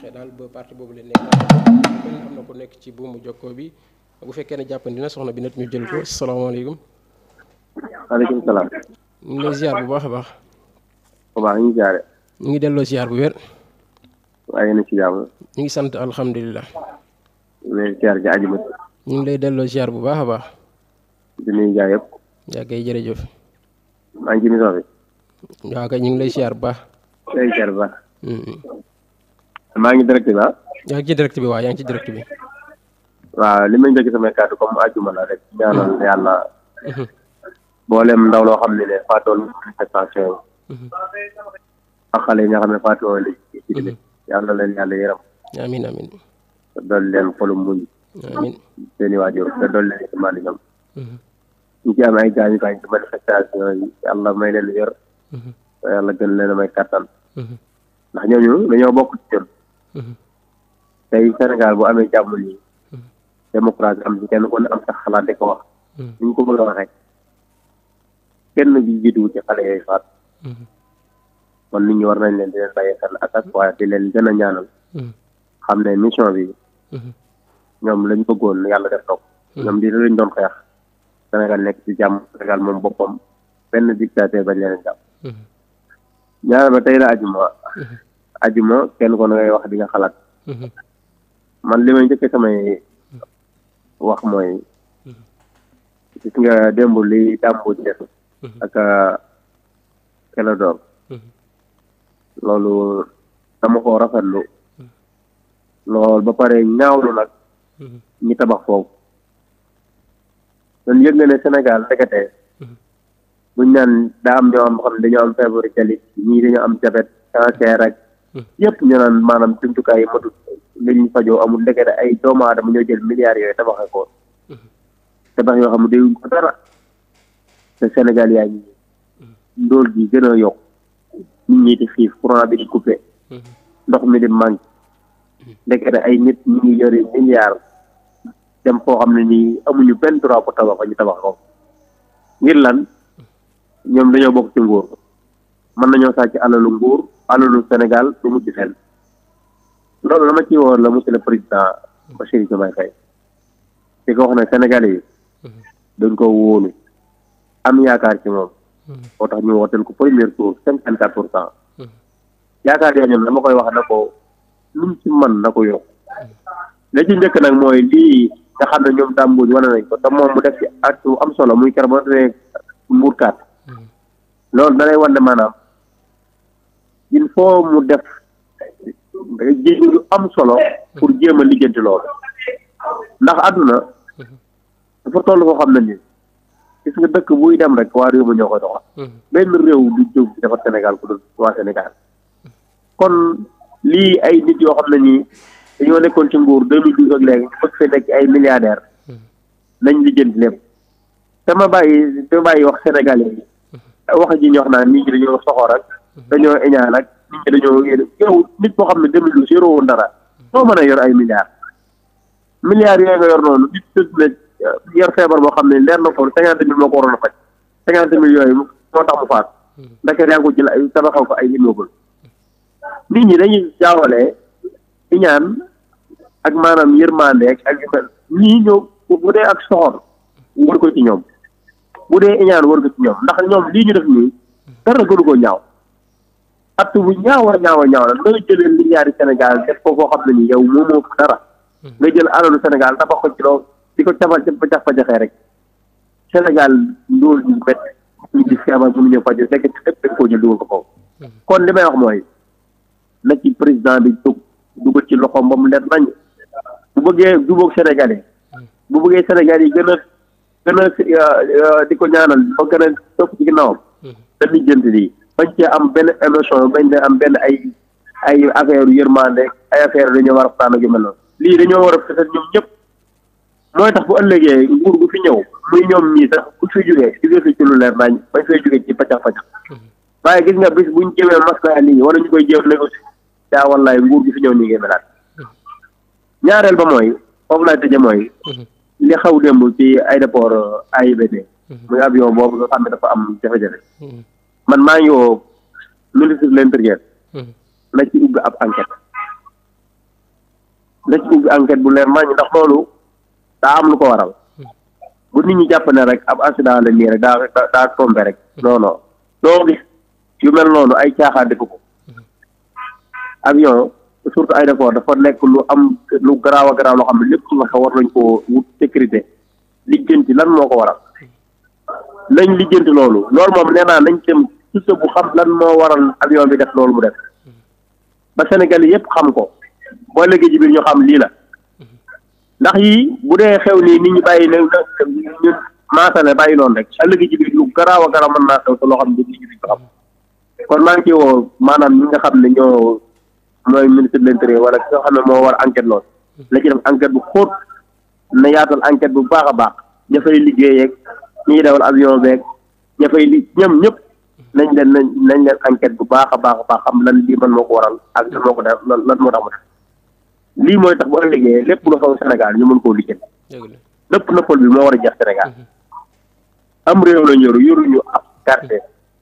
fexe daal ba parti boobu leen nekk am na ku nekk ci buumu jokkoo bi bu fekkee ne jàppandi na soxna bi nag ñu jël ko salaamaaleykum. waaleykum salaam. ñu ngi bu baax a baax. bu baax ñu ngi delloo ziar bu wér. waaye ngi sant alhamdulilah. ñu ngi lay delloo ziar bu baax a baax. di nuyu jaay yëpp. yaa kay jërëjëf. maa ngi ci mission bi. waaw kay ñu ngi lay ziar baax. lay ziar bu baax. maa ngi direct bi ah. yaa ngi ci direct bi waaw yaa ci direct li may njëkk samay kàddu comme àjjuma la rek ñaanal mm-hmm. yàlla. Mm-hmm. mboolem ndaw loo xam ne ne faatoon manifestation yi. Mm-hmm. ak nga xam ne faatoo lañ. yàlla leen yàlla yërëm. amiin amiin. te dool leen xolum muñ. amiin seen i waajur te dool leen iman ñoom. ñu a may dañoo bokk ci ñun. tey Sénégal boo amee jàmm nii démocratie am ci kenn ku am sax xalaat de ko wax ni ko bëgg a waxee kenn gi jiituwul ci xale yooyu faat kon nit ñi war nañ leen di leen bàyyi xel a ñaanal xam ne mission bi ñoom lañ bëggoon yàlla def na ko di lañ doon xeex Sénégal nekk ci jàmm Sénégal moom boppam benn dictateur bañ leen jàpp ñaanal ba tey la ajuma ajuma kenn ko na ngay wax di nga xalaat mhm. man li may njëkke samay wax mooy gis nga démb li dàmbu def mhm. ak Clédor uh, mhm. loolu dama ko rafetlu lool ba pare ñaawlu nag ñi tabax foofu doon yëg na ne Sénégal ndekete buñ naan daa am ñoo am xam ne dañoo am feebaru jalit ñii dañoo am jabet cancer yëpp ñu naan maanaam jumtukaay yi matut li fajoo amul ndekete ay doomu aadama ñoo jël milliards yooyu tabaxee ko mhm. tabax yoo xam ne dayuñ ko dara te Sénégal yaa ngi ndóol gi gën yokk nit ñi xiif coupé mhm. ndox mi di manqué mhm. ndekete ay nit ñu ngi milliards dem koo xam ne nii amuñu benn droit pour tabax ñu tabax ko ngir lan ñoom dañoo bokk ci nguur mën nañoo sàcc alalu nguur alalu Sénégal du mujj fenn loolu la ma ciy woon la monsieur le président Bassirou Diomaye Faye di ko wax ne Sénégalais yi dañ ko wóolu am yaakaar ci moom moo tax ñu wooteel ko premier tour cinquante quatre pour cent yaakaar yaa ñoom dama koy wax na ko lu ci man na ko yokk la ci njëkk nag mooy lii nga xam ne ñoom dàmbuñ wane nañ ko te moom mu def ci at am solo muy keroog ba mbuurkaat mm. loolu da lay maanaam il mu def jéem yu am solo pour jéem a lijjanti loolu ndax àdduna dafa toll koo xam ne nii gis nga dëkk buy dem rek waa réew ma ñoo koy doxal mm-hmm. benn réew du jóg ci Sénégal kon lii ay nit yoo xam ne nii dañoo nekkoon ci nguur deux mille douze ak léegi bëgg fee nekk ay milliardaire mm-hmm. nañ lijjanti lépp dama bàyyi dama bàyyi wax Sénégalais yi mm-hmm. wax ji ñu wax naan nit ñi dañoo soxor ak dañoo éñaan ak nit ñi dañoo yéen yow nit boo xam ne deux mille douze yoroo woon dara soo mënee a yor ay milliards milliards yooyu nga yor noonu nit tëdd na euh, yor feebar boo xam ne leer na ko cinquante mille moo ko waroon a faj cinquante mille yooyu moo ko jël ay ko ay immeuble nit ñi dañuy jaawalee iñaan ak maanaam yërmandeeg ak yu ñu nii bu dee ak soxor war ko ci ñoom bu dee iñaan war ko ci ñoom ndax ñoom lii ñu def nii dara gënu ko ñaaw att bu ñaaw a ñaaw a ñaaw la looy jëlee milliards yi Sénégal def ko koo xam ne ni yow moomoo ko dara hmm. nga jël alalu Sénégal tabax ko ci di ko cabal ca jax fa jaxee rek Sénégal ndóol ñu met di feebar bu ñu ñëw faju koo jël dugal ko foofu hmm. kon li may wax mooy na ci président bi dug dugal ci loxoom ba mu leer nañ bu bëggee jubóog Sénégalais hmm. bu bëggee Sénégal yi gën a gën a euh, euh, di ko ñaanal ba gën a topp ci ginnaawam dañuy jënd lii bañ cee am benn émotion bañ cee am benn ay ay affaire yërmande ay affaire dañoo war a waxtaan lii dañoo war a fexe ñoom ñëpp mooy tax bu ëllëgee nguur gu fi ñëw muy ñoom ñii sax ku fi jógee lu leer nañ bañ fay jógee ci paccax mm-hmm. waaye gis nga bis buñ jéemee maslaa nit ñi wala ñu koy jéem négocier daa wallaay nguur gu fi ñëw ñu ngi melaat mm-hmm. ñaareel ba mooy foofu laay tëje mooy mm-hmm. li xaw démb ci ay AIBD muy avion boobu nga xam dafa am jafe-jafe man maa ngi woo ministre de l'intérieur hmm. na ci ubbi ab enquête na ci ubbi enquête bu leer maa ngi ndax loolu daa am lu ko waral hmm. bu nit ñi jàpp rek ab accident la nii rek daa daa tombé rek hmm. noonu ay caaxaan def ko avion surtout ay lu am lu garaaw a garaaw xam ne lépp sécurité lijjanti lan moo ko waral loolu moom nee naa nañ dem Cissé bu xam lan moo waral avion bi def loolu mu def ba Sénégal yépp xam ko boo léegi ci biir ñu xam lii la ndax yi bu dee xew nii nit ñi bàyyi na ñun maasale bàyyi noonu rek ëllëg ci biir yu garaaw a garaaw mën naa xew te loo xam ne kon maa ngi ciy woo maanaam ñi nga xam ne ñoo mooy ministre de l'intérieur wala ki moo war enquête loolu la ci def bu xóot na yaatal enquête bu baax a baax ña fay liggéeyee ak ñi dawal avion beeg ña li ñoom ñëpp. nañ leen nañ nañ leen enquête bu baax a baax a baax xam lan lii man ko waral ak ko def lan lan moo tax lii mooy tax bu ëllëgee lépp lu xew ñu mën koo lijjanti. nëpp nëppal bi moo war a jeex Sénégal mhm. am réew la ñor yoruñu ab carte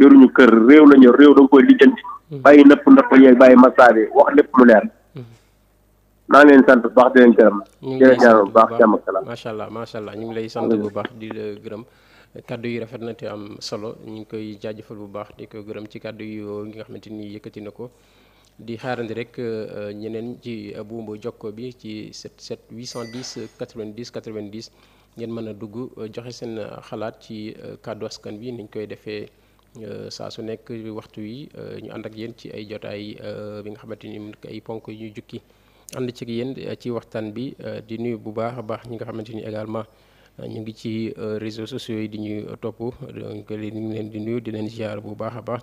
yoruñu kër réew la ñor réew da nga koy lijjanti. Mhm. bàyyi nëpp nëppal yeeg bàyyi massa wax lépp mu leer. Mhm. maa ngi leen baax di leen gërëm. ñu ngi lay sant bu baax jërëjëf ñaar allah macha allah ñu ngi lay sant bu baax di la gërëm. kàddu yi rafet na te am solo ñu ngi koy jaajëfal bu baax di ko gërëm ci kàddu yu nga nga xamante nii yëkkati na ko di xaarandi rek euh, ñeneen ci buumbu jokko bi ci 77 810 90 90 ngeen mën a dugg euh, joxe seen xalaat ci euh, kàddu askan bi niñ koy defee saa su nekk waxtu yi ñu ànd ak yéen ci ay jotaay bi nga xamante ni ay ponk yu ñu jukki ànd ci yéen ci waxtaan bi di nuyu bu baax a baax ñi nga xamante ni également. ñu ngi ci euh, réseaux sociaux yi di ñuy topp donc li ñu leen di nuyu di leen ziar bu baax a baax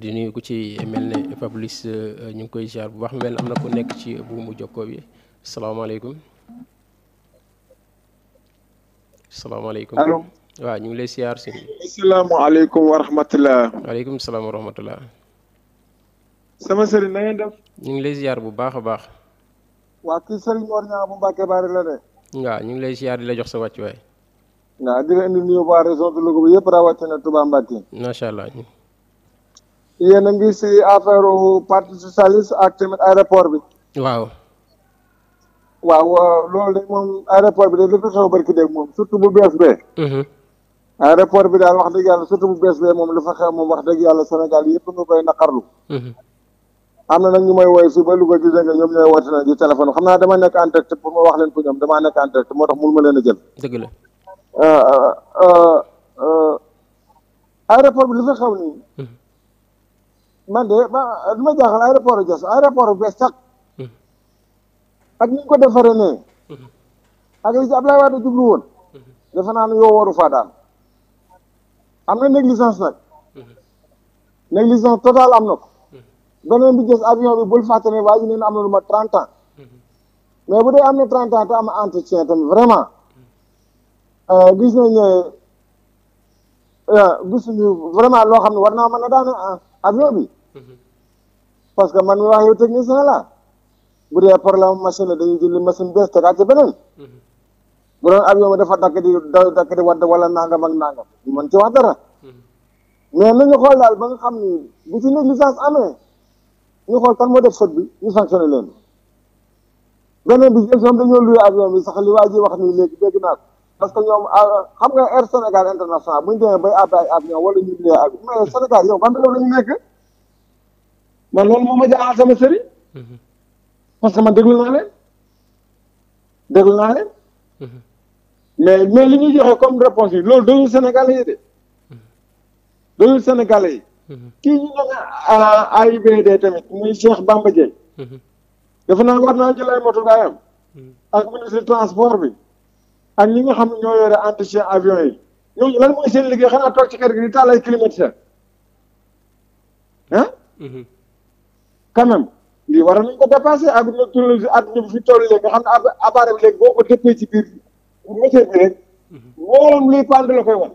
di nuyu ku ci mel ni Fabrice euh, ñu ngi koy ziar bu baax mel am na ku nekk ci buumu jokkoo bi salaamaaleykum. salaamaaleykum allo waaw ñu ngi lay ziar si. asalaamaaleykum wa rahmatulah. waaleykum salaam wa sama sëriñ na ngeen def. ñu ngi lay ziar bu baax a baax. waa kii sëriñ Mor Niang bu Mbacke Bari la de. waaw ñu ngi lay siyaar di la jox sa wàccuwaay. waaw di la indi nuyu waa région de Louga bi yëpp rawatina Touba Mbacké. macha allah. yéen a ngi si affaire parti socialiste ak tamit aéroport bi. waaw. waaw loolu de moom aéroport bi de li fi xew barki dégg moom surtout bu bees bee. Mhm. aéroport bi daal wax dëgg yàlla surtout bu bees bee moom li fa xew moom wax dëgg yàlla Sénégal yëpp nga koy naqarlu. Mhm. am na nag ñu may woy fii ba Louga gis nga ñoom ñooy woote na ci téléphone xam naa dama nekk en direct pour moo tax mënu leen a jël. Euh, euh, euh, aéroport bi li xew nii. Hmm. man de ma li ma jaaxal aéroport bi Diass sax. Hmm. ak ni ko defaree ne hmm. ak li ci Ablaye Wade jublu woon. defe naa ne yow waru daal. am na négligence nag. négligence totale am na beneen bi gis avion bi bul fàtte ne waa ji neen am na lu ma trente mhm. bu dee am na trente ans te am entretien tamit vraiment mhm. euh, gis nañ ne euh, gisuñu loo xam ne war naa ma na daan avion bi mhm. parce que man mi wax yow technicien la bu dee problème machine la dañuy jëli machine bees tegaat ci beneen bu doon avion bi dafa dakk di dakk di wadd wala nangam ak nangam man ci wax dara mais nañu xool daal ba nga xam ni bu ci négligence amee ñu xool kan moo def faute bi ñu sanctionné leen beneen bi ñoom dañoo luy avion bi sax li waa wax ni léegi dégg naa ko parce que ñoom ah, xam nga air Sénégal international bu ñu demee bay àbb ay avion wala ñu luy avion mais Sénégal yow ban réew nekk man loolu moom ma jaaxal sama sëriñ mhm. parce que man déglu naa leen déglu naa leen mhm. mais mais li ñuy joxe comme réponse yi loolu doyul Sénégalais yi de mhm. doyul Sénégalais yi kii ñu ne ah, de tamit muy Cheikh Bamba Dièye mhm. dafa naa war naa jëlay moto gaayam mhm. ak ministre transport bi ak ñi nga xam ne ñoo yore entretien avion yi ñooñu lan mooy seen liggéey xanaa toog ci kër gi di taal ay climatiseur ah mhm. quand même lii war nañ ko dépassé ak na tourlsi àdduna bi fi toll léegi nga xam ne abaare bi léegi boo ko dëppee ci biir moteur bi rek mboolem luy pand la koy wan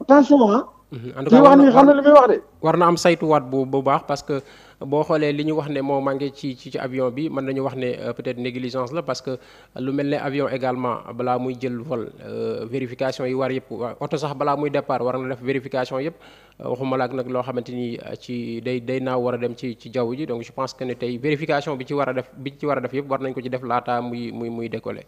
attention ah Mm-hmm. en tout cas wax ni xam na li muy wax de. war na am saytuwaat bu baax parce boo xoolee li ñu wax ne moo manqué ci ci ci avion bi mën nañu wax ne euh, peut-être négligence la parce que lu mel ne avion également balaa muy jël vol euh, vérification yi war yëpp oto sax balaa muy départ war na def vérification yëpp euh, waxuma la ak nag loo xamante ni ci day day naaw war a dem ci ci jaww ji donc je pense que ne tey vérification bi ci war a def bi ci war a def yëpp war nañ ko ci def laataa muy muy muy décoller.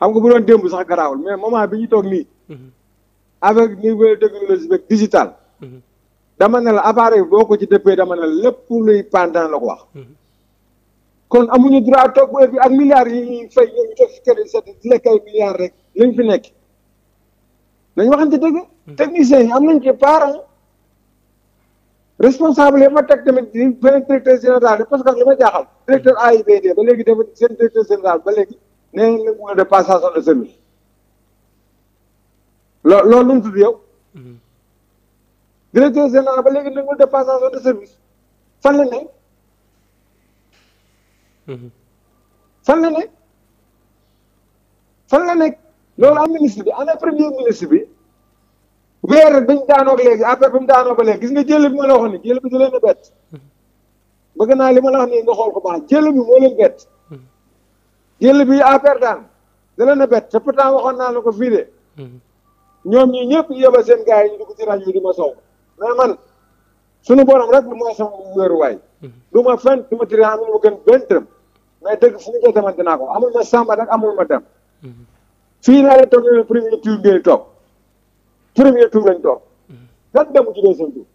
xam nga bu doon démb sax garaawul mais moment bi ñu toog nii. Mhm. avec niveau technologie beeg digital. Mhm. dama ne la appareil boo ko ci dëppee dama ne la lépp luy pendant la ko wax. Mhm. kon amuñu droit toog bi ak milliards yi ñuy fay ñoom ñu lekk ay milliards rek lañ fi nekk. dañ nañ waxante dëgg. techniciens yi am nañ ci parent responsable yi ma teg tamit di beneen parce que li ma jaaxal. directeur AIBD ba léegi dafa seen directeur général ba léegi. nee nañ la mu de passation de service loo loolu lu mu tudd yow. Mhm. directeur général ba léegi négul de passation de service fan la ne. Mhm. fan la ne fan la nekk loolu am ministre bi ana premier ministre bi weer bañ daanoo ak léegi après bi mu daanoo ba léegi gis nga jël bi ma la waxoon ni jël bi du leen a bett mhm. bëgg naa li ma la wax nii nga xool ko baax jël bi moo leen bett. yëll bi affaire daan da leen a bett te pourtant waxoon naa la ko fii de. Mhm. ñoom ñi ñëpp yóbba seen gars yi ñu dugg ci rajo yi di ma sow mais man suñu borom rek mooy sama wéeruwaay. Mhm. du ma fen du ma tiré amul ma gën benn tërëm mais dëgg fu ñu ko tamit dinaa ma sàmba rek amul ma dem. Mhm. fii naa la toog ñu premier tour ngeen toog premier tour lañ toog. dem ci deuxième tour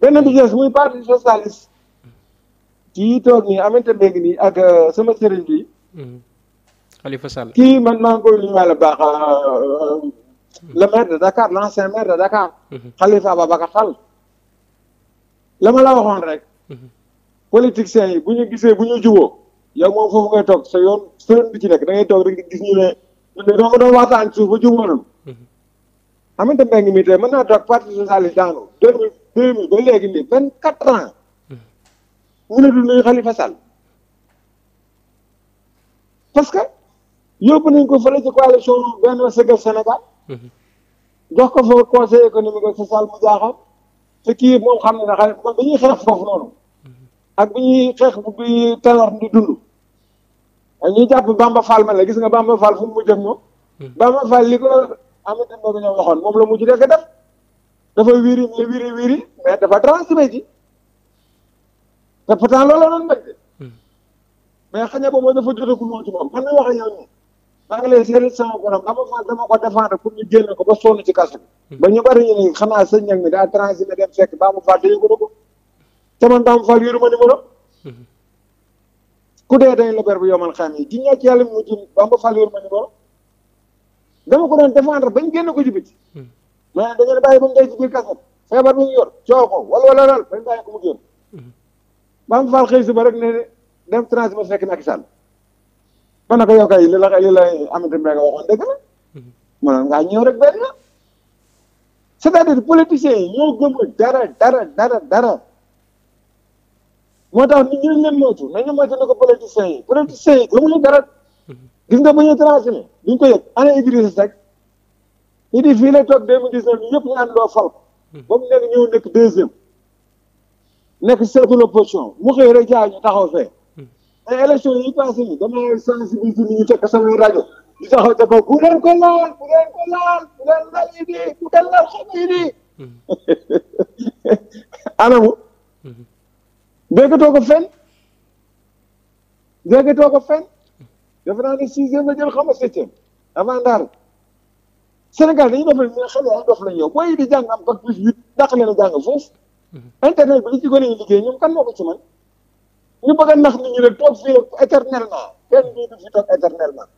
benn bi muy parti socialiste. kii toog nii amante mbéng nii ak euh, sama sëriñ bi. Hmm. Khalifa Sall kii man maa ngi koy nuyuwaale baax euh, hmm. le maire de Dakar l'ancien maire de Dakar. Hmm. Khalifa Ababacar Sall. la ma la waxoon rek. politiciens yi bu ñu gisee bu ñu juboo yow moom foofu ngay toog sa yoon sëriñ bi ci nekk da ngay toog rek gis ñu ne ñu i doo ko doon waxtaan suuf ba juboo mi tey mën naa toog parti socialiste daanu deux mille deux mille ba léegi nii vingt quatre mënatul nañu Khalifa Sall parce que yóbbu nañ ko fële ci coalition benn sëgal Sénégal jox ko fa conseil économique et social mu jaaxal te kii moom xam ne na xeex foofu noonu ak bi ñuy xeex bi Tanor di dund ñuy jàpp Bamba Fall ma la gis nga Bamba Fall fu mu mujj moom Bamba Fall li ko Aminata Mbengue ñoom waxoon moom la mujj def dafa wiiri wiiri wiiri mais dafa transmet te pourtant loolu la doon béy de hmm. mais xëy na boobu dafa jotagul woon ci moom man la wax maa ngi lay seetlu sama borom ba ma fa ko défendre pour ñu génne ko ba sonn ci kaso bi. Hmm. ba ñu bari ñu nii xanaa mi daa transité dem fekk baamu faal dañu ko dugg te man baamu faal yoruma numéro. Hmm. ku dee dañ la ber bu yomal xam yi ji ñàkk yàlla mu jëm baamu faal yoruma numéro dama ko doon défendre bañ génne ko ci biti. mais dañu leen bàyyi ba mu dee ci biir kaso feebar bi ñu yor coow ko wala wala lool bañ bàyyi ko mu génn. Bamba Fall xëy suba rek ne dem transhumance fekk Macky Sall man na ko yow kay li la li la amante mbéy nga waxoon dëgg la mënoon ngaa ñëw rek benn la c'est-à-dire politiciens yi ñoo gëmul dara dara dara dara moo tax nit ñi leen moytu nañu moytu ne ko politiciens yi politiciens yi gëmuñu dara gis nga bu ñuy transhumé duñ ko yëg ana Idrissa Seck ñu di fii la toog deux mille dix neuf fal ba mu nekk ñëw nekk deuxième nekk cercle opposition mu xëy jaay taxaw fee. Hmm. ay élection yi passé yi damay sensibiliser nit ñi fekk samay rajo ñu taxaw dafa bu leen ko laal bu leen ko laal bu leen lal yi di bu leen lal xam yi di anamu hmm. déggatoo ko fenn déggatoo ko fenn defe naa ne sixième la jël xam nga septième avant daal Sénégal dañuy dof la ñëw booy yi am bac plus huit dàq leen a jàng foofu internet bi li ci yi liggéey ñoom kan moo ko ci man ñu bëgg a nax nit ñi rek toog fii éternellement kenn bii du fi toog éternellement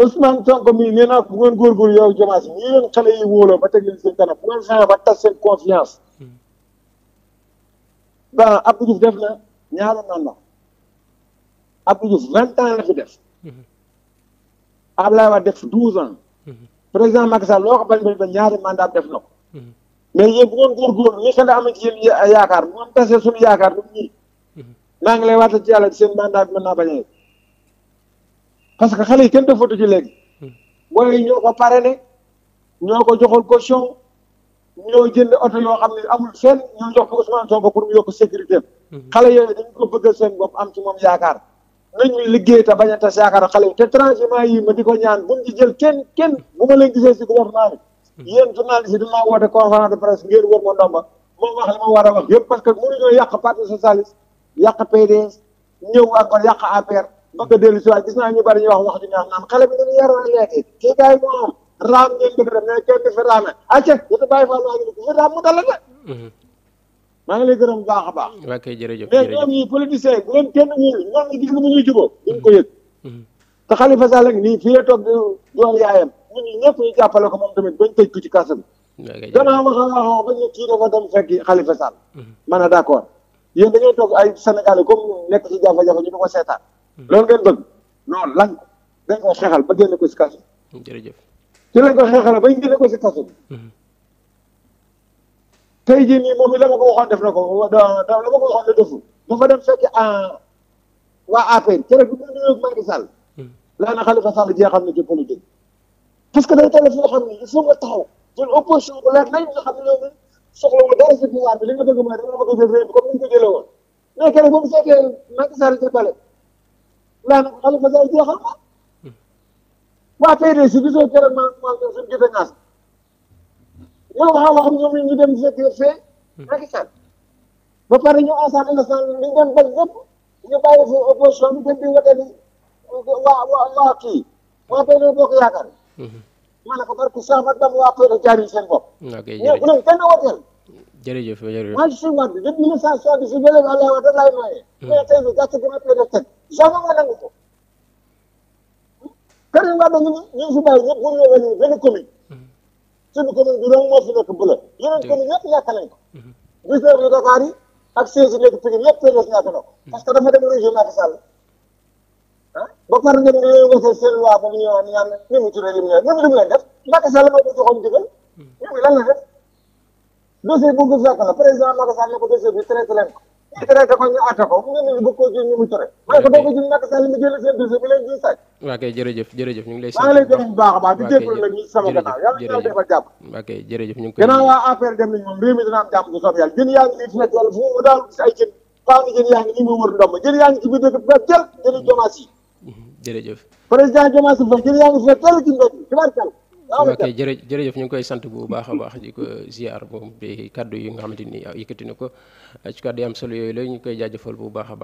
Ousmane Sonko mii nee naa bu ngeen góorgóorlu yow Diomaye si ñii leen yi wóoloo ba teg leen seen kanam bu ngeen fexe ba tas seen confiance hmm. ba Abdou Diouf def na ñaari mandat Abdou Diouf vingt ans la fi def hmm. Abdoulaye Wade def douze ans hmm. président Macky Sall loo a bañ bañ ba ñaari mandat def na mais yéen bu ngeen góorgóorlu li nga xamante ne yéen yaakaar bu ngeen tasee yaakaar ñun ñii mhm. maa ngi lay waatal ci yàlla seen mandat naa bañ a parce que xale yi kenn defatu ci léegi. booy mhm. yi ñoo ko parrainé ñoo ko joxoon caution ñoo jënd oto ñoo xam ne amul fenn ñoo jox ko Ousmane Sonko pour mu yokk sécurité am. Mhm. xale yooyu dañ ko bëggal seen bopp am ci moom yaakaar nañ ñu liggéey te bañ a tas yaakaar xale yi te transhumance yi ma di ko ñaan buñ jël kenn kenn bu ma leen Mm-hmm. yéen journaliste yi ma woote conférence de presse ngeen wër ma moom wax li ma war a wax yëpp parce que mënuñoo yàq parti socialiste yàq PDS ñëw encore yàq APR bëgg a dellu si gis naa ñu bari ñu wax wax ju neex naan xale bi dañu yaroon léegi kii gars yi moo raam ngeen bëgg def ngi mu la mm-hmm. maa bu baax a baax waa kay jërëjëf mais ñoom politicien bu leen gis lu mu ñuy jubóo duñ ko yëg mm-hmm. te Khalifa Sall ngi nii fii toog di doon yaayam ñun ñëpp ñu jàppale ko moom tamit bañ tëj ko ci kaso bi. danaa wax a wax bañ ne kii dafa dem fekki Khalifa Sall. Mhm. ma ne d' accord yéen dañoo toog ay Sénégalais comme nekk ci jafe-jafe ñu di ko seetaan. Mhm. loolu ngeen bëgg non lan dañ ko xeexal ba génne ko ci kaso bi. jërëjëf ci lañ ko ko ci kaso bi. Mhm. tey jii nii moom mi la ko waxoon def na ko da la ma ko waxoon ne defu dafa dem fekki waa APR e keroog bi mu nuyoo ak Macky Sall. laa na Khalifa Sall jeexal na ci politique. parce que day toll fi nga xam ne il faut nga taxaw jël opposition bu leer nañ nga xam ne dara si pouvoir bi li nga bëgg mooy da nga bëgg a jël réew bi comme ni ñu ko jëlee mu fekkee Macky Sall ca pale laa waa PDS si gisoo keroog maa maa ngi suñu gite ñaas ñoo wax a wax ñoom ñu pare ñu asaan innocent li ñu doon bañ lépp ñu bàyyi fi opposition di wote ni waa waa waa kii waa PDS boo Mm-hmm. maa ne ko barke Cheikh Ahmadou Bamba waa PDS bopp. ok jërëjëf bu ne kenn wooteel. jërëjëf jërëjëf maa ngi suñu wàll bi depuis mille neuf cent soixante si bële bi Abdoulaye maye. Mm-hmm. mais tey bi gàcce gi ma PDS teg Cheikh nangu ko. Karim Wade ñu ñu fi bàyyi ñëpp wër yoo xam benn commune. Mm-hmm. suñu commune bi dong moo fi nekk bële. ko. gis nga Dakar yi ak siège yi nekk Pikine yëpp PDS ñàkk na ko. parce que dafa dem région Macky Sall ba pare nga ne yooyu nga seen seen waa ba ñu ñëwaat ñaan ñu mu turee lim ñoom ñoom lim leen def Macky Sall moo ko joxoon digal ñoom hmm. lan la def dossier bu nga fekk la président Macky Sall ne ko dossier bi traité leen ko ñu traité ko ñu àtte ko ñu ne bëgg koo jël ñu mu turee hmm. ma ne ko boo ko jël Macky Sall mi jël seen dossier bi leen ñuy sàcc waa kay jërëjëf jërëjëf ñu ngi lay maa ngi lay gërëm bu baax a baax di jégalu nag ñi sama gannaaw yàlla yàlla defal jàpp waa kay jërëjëf ñu ngi koy gannaaw waa affaire dem nañ moom réew mi dina am jàmm bu soob yàlla jën yaa ngi nii fekk yàlla fu mu daal gis ay jën faaw ni jën yaa ngi nii mu wër ndomb jën yaa ngi ci biir dëkk bi jël jëli jomaas yi jërëjëf président Diomaye Faye jërëjëf yaa ngi fi teel jërëjëf ñu ngi koy sant bu baax a baax di ko ziar moom bi kaddu yi nga xamante ni yëkkati na ko ci kaddu yi am solo yooyu la ñu koy jaajëfal bu baax a baax.